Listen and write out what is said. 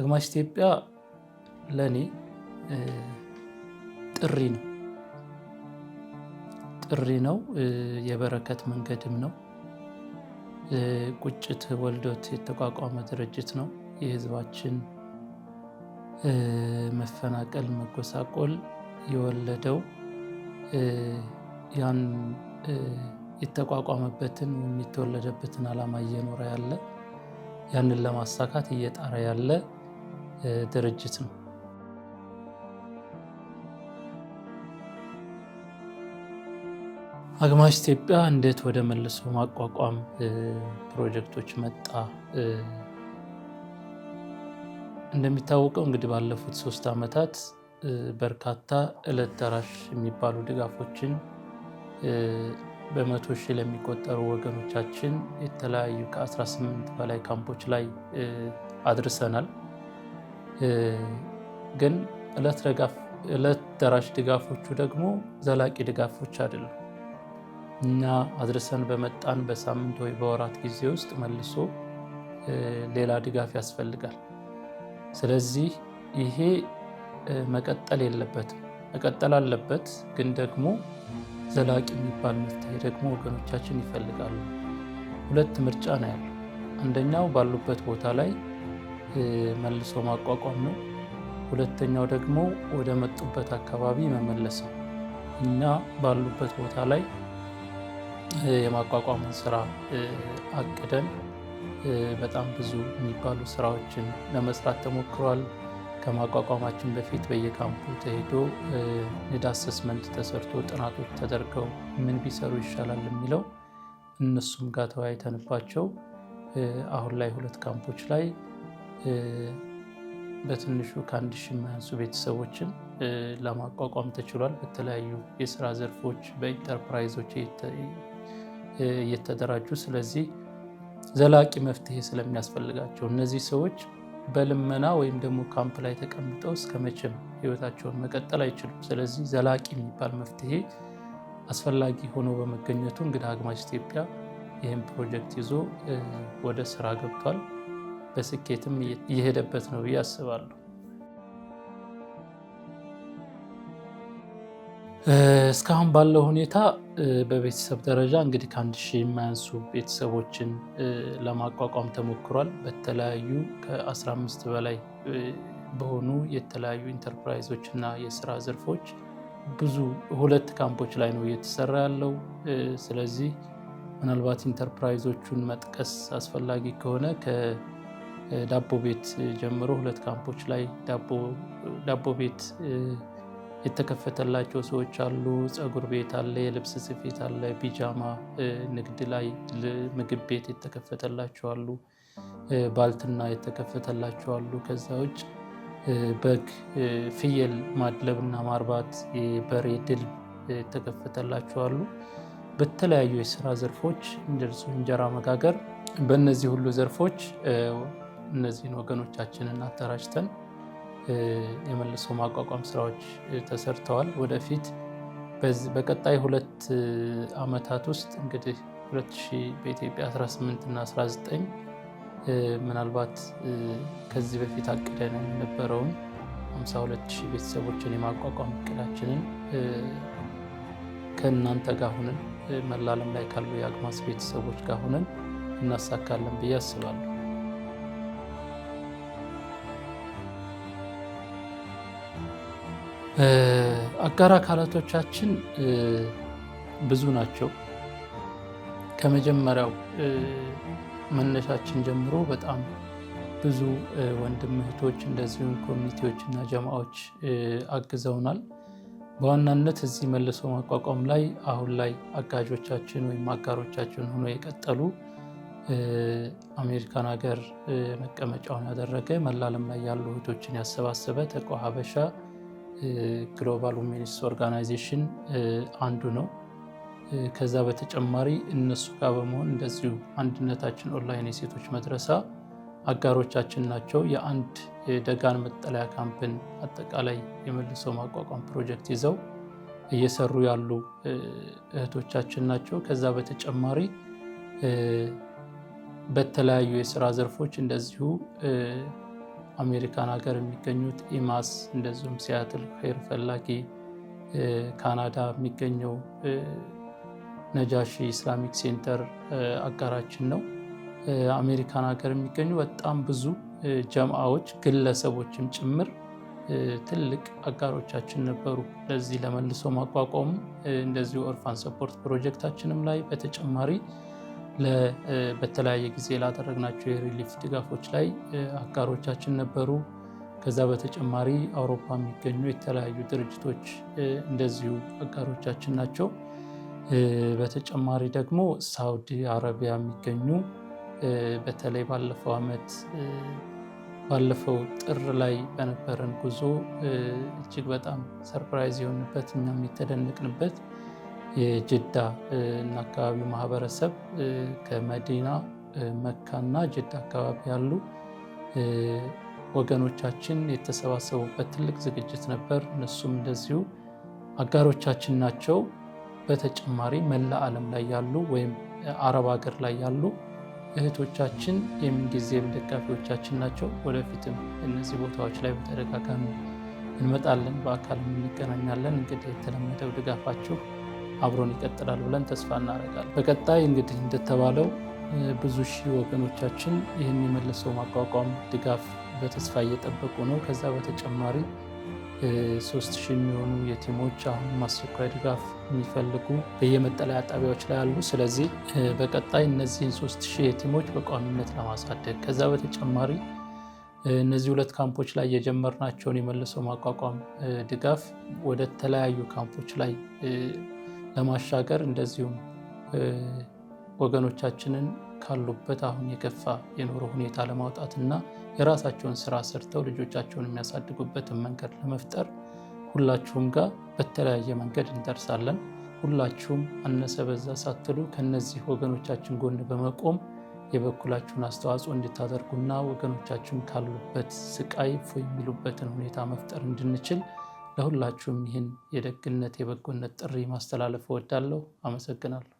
አግማሽ ኢትዮጵያ ለእኔ ጥሪ ነው፣ ጥሪ ነው። የበረከት መንገድም ነው። ቁጭት ወልዶት የተቋቋመ ድርጅት ነው። የህዝባችን መፈናቀል፣ መጎሳቆል የወለደው ያን የተቋቋመበትን የሚተወለደበትን ዓላማ እየኖረ ያለ ያንን ለማሳካት እየጣረ ያለ ድርጅት ነው። አግማሽ ኢትዮጵያ እንዴት ወደ መልሶ ማቋቋም ፕሮጀክቶች መጣ? እንደሚታወቀው እንግዲህ ባለፉት ሶስት ዓመታት በርካታ ዕለት ደራሽ የሚባሉ ድጋፎችን በመቶ ሺህ ለሚቆጠሩ ወገኖቻችን የተለያዩ ከ18 በላይ ካምፖች ላይ አድርሰናል። ግን ዕለት ደራሽ ድጋፎቹ ደግሞ ዘላቂ ድጋፎች አይደሉም። እኛ አድርሰን በመጣን በሳምንት ወይ በወራት ጊዜ ውስጥ መልሶ ሌላ ድጋፍ ያስፈልጋል። ስለዚህ ይሄ መቀጠል የለበትም። መቀጠል አለበት፣ ግን ደግሞ ዘላቂ የሚባል መፍትሄ ደግሞ ወገኖቻችን ይፈልጋሉ። ሁለት ምርጫ ነው ያለው። አንደኛው ባሉበት ቦታ ላይ መልሶ ማቋቋም ነው። ሁለተኛው ደግሞ ወደ መጡበት አካባቢ መመለስ ነው። እኛ ባሉበት ቦታ ላይ የማቋቋምን ስራ አቅደን በጣም ብዙ የሚባሉ ስራዎችን ለመስራት ተሞክሯል። ከማቋቋማችን በፊት በየካምፑ ተሄዶ ኒድ አሰስመንት ተሰርቶ ጥናቶች ተደርገው ምን ቢሰሩ ይሻላል የሚለው እነሱም ጋር ተወያይተንባቸው አሁን ላይ ሁለት ካምፖች ላይ በትንሹ ከአንድ ሺህ የማያንሱ ቤተሰቦችን ለማቋቋም ተችሏል። በተለያዩ የስራ ዘርፎች በኢንተርፕራይዞች እየተደራጁ ስለዚህ ዘላቂ መፍትሄ ስለሚያስፈልጋቸው እነዚህ ሰዎች በልመና ወይም ደግሞ ካምፕ ላይ ተቀምጠው እስከ መቼም ህይወታቸውን መቀጠል አይችሉም። ስለዚህ ዘላቂ የሚባል መፍትሄ አስፈላጊ ሆኖ በመገኘቱ እንግዳ አግማጅ ኢትዮጵያ ይህም ፕሮጀክት ይዞ ወደ ስራ ገብቷል። በስኬትም እየሄደበት ነው ብዬ አስባለሁ። እስካሁን ባለው ሁኔታ በቤተሰብ ደረጃ እንግዲህ ከአንድ ሺህ የማያንሱ ቤተሰቦችን ለማቋቋም ተሞክሯል። በተለያዩ ከ15 በላይ በሆኑ የተለያዩ ኢንተርፕራይዞች እና የስራ ዘርፎች ብዙ ሁለት ካምፖች ላይ ነው እየተሰራ ያለው። ስለዚህ ምናልባት ኢንተርፕራይዞቹን መጥቀስ አስፈላጊ ከሆነ ዳቦ ቤት ጀምሮ ሁለት ካምፖች ላይ ዳቦ ቤት የተከፈተላቸው ሰዎች አሉ። ፀጉር ቤት አለ፣ የልብስ ስፌት አለ፣ ፒጃማ ንግድ ላይ ምግብ ቤት የተከፈተላቸው አሉ፣ ባልትና የተከፈተላቸው አሉ። ከዛ ውጭ በግ ፍየል ማድለብና ማርባት፣ የበሬ ድል የተከፈተላቸው አሉ። በተለያዩ የስራ ዘርፎች እንደርሱ እንጀራ መጋገር በእነዚህ ሁሉ ዘርፎች እነዚህን ወገኖቻችንን አደራጅተን የመልሶ ማቋቋም ስራዎች ተሰርተዋል። ወደፊት በቀጣይ ሁለት ዓመታት ውስጥ እንግዲህ 2000 በኢትዮጵያ 18 እና 19 ምናልባት ከዚህ በፊት አቅደን የነበረውን 52000 ቤተሰቦችን የማቋቋም እቅዳችንን ከእናንተ ጋር ሁነን መላለም ላይ ካሉ የአግማስ ቤተሰቦች ጋር ሁነን እናሳካለን ብዬ አስባለሁ። አጋር አካላቶቻችን ብዙ ናቸው። ከመጀመሪያው መነሻችን ጀምሮ በጣም ብዙ ወንድም እህቶች፣ እንደዚሁም ኮሚኒቲዎች እና ጀማዎች አግዘውናል። በዋናነት እዚህ መልሶ ማቋቋም ላይ አሁን ላይ አጋዦቻችን ወይም አጋሮቻችን ሆኖ የቀጠሉ አሜሪካን ሀገር መቀመጫውን ያደረገ መላለም ላይ ያሉ እህቶችን ያሰባሰበ ተቋ ሀበሻ ግሎባል ዊሜንስ ኦርጋናይዜሽን አንዱ ነው። ከዛ በተጨማሪ እነሱ ጋር በመሆን እንደዚሁ አንድነታችን ኦንላይን የሴቶች መድረሳ አጋሮቻችን ናቸው። የአንድ ደጋን መጠለያ ካምፕን አጠቃላይ የመልሰው ማቋቋም ፕሮጀክት ይዘው እየሰሩ ያሉ እህቶቻችን ናቸው። ከዛ በተጨማሪ በተለያዩ የስራ ዘርፎች እንደዚሁ አሜሪካን ሀገር የሚገኙት ኢማስ እንደዚሁም ሲያትል ኸይር ፈላጊ፣ ካናዳ የሚገኘው ነጃሺ ኢስላሚክ ሴንተር አጋራችን ነው። አሜሪካን ሀገር የሚገኙ በጣም ብዙ ጀምአዎች ግለሰቦችም ጭምር ትልቅ አጋሮቻችን ነበሩ። ለዚህ ለመልሶ ማቋቋሙ እንደዚሁ ኦርፋን ሰፖርት ፕሮጀክታችንም ላይ በተጨማሪ በተለያየ ጊዜ ላደረግናቸው የሪሊፍ ድጋፎች ላይ አጋሮቻችን ነበሩ። ከዛ በተጨማሪ አውሮፓ የሚገኙ የተለያዩ ድርጅቶች እንደዚሁ አጋሮቻችን ናቸው። በተጨማሪ ደግሞ ሳውዲ አረቢያ የሚገኙ በተለይ ባለፈው ዓመት ባለፈው ጥር ላይ በነበረን ጉዞ እጅግ በጣም ሰርፕራይዝ የሆንበት እኛም የተደነቅንበት የጅዳ እና አካባቢው ማህበረሰብ ከመዲና መካና ጅዳ አካባቢ ያሉ ወገኖቻችን የተሰባሰቡበት ትልቅ ዝግጅት ነበር። እነሱም እንደዚሁ አጋሮቻችን ናቸው። በተጨማሪ መላ ዓለም ላይ ያሉ ወይም አረብ ሀገር ላይ ያሉ እህቶቻችን የምንጊዜም ደጋፊዎቻችን ናቸው። ወደፊትም እነዚህ ቦታዎች ላይ በተደጋጋሚ እንመጣለን፣ በአካል እንገናኛለን። እንግዲህ የተለመደው ድጋፋችሁ አብሮን ይቀጥላል ብለን ተስፋ እናደርጋለን። በቀጣይ እንግዲህ እንደተባለው ብዙ ሺህ ወገኖቻችን ይህን የመለሰው ማቋቋም ድጋፍ በተስፋ እየጠበቁ ነው። ከዛ በተጨማሪ ሶስት ሺህ የሚሆኑ የቲሞች አሁን አስቸኳይ ድጋፍ የሚፈልጉ በየመጠለያ ጣቢያዎች ላይ አሉ። ስለዚህ በቀጣይ እነዚህን ሶስት ሺህ የቲሞች በቋሚነት ለማሳደግ ከዛ በተጨማሪ እነዚህ ሁለት ካምፖች ላይ የጀመርናቸውን የመልሶ ማቋቋም ድጋፍ ወደ ተለያዩ ካምፖች ላይ ለማሻገር እንደዚሁም ወገኖቻችንን ካሉበት አሁን የከፋ የኑሮ ሁኔታ ለማውጣትና የራሳቸውን ስራ ሰርተው ልጆቻቸውን የሚያሳድጉበትን መንገድ ለመፍጠር ሁላችሁም ጋር በተለያየ መንገድ እንደርሳለን። ሁላችሁም አነሰ በዛ ሳትሉ ከነዚህ ወገኖቻችን ጎን በመቆም የበኩላችሁን አስተዋጽኦ እንድታደርጉና ወገኖቻችን ካሉበት ስቃይ ፎ የሚሉበትን ሁኔታ መፍጠር እንድንችል ለሁላችሁም ይህን የደግነት የበጎነት ጥሪ ማስተላለፍ እወዳለሁ። አመሰግናለሁ።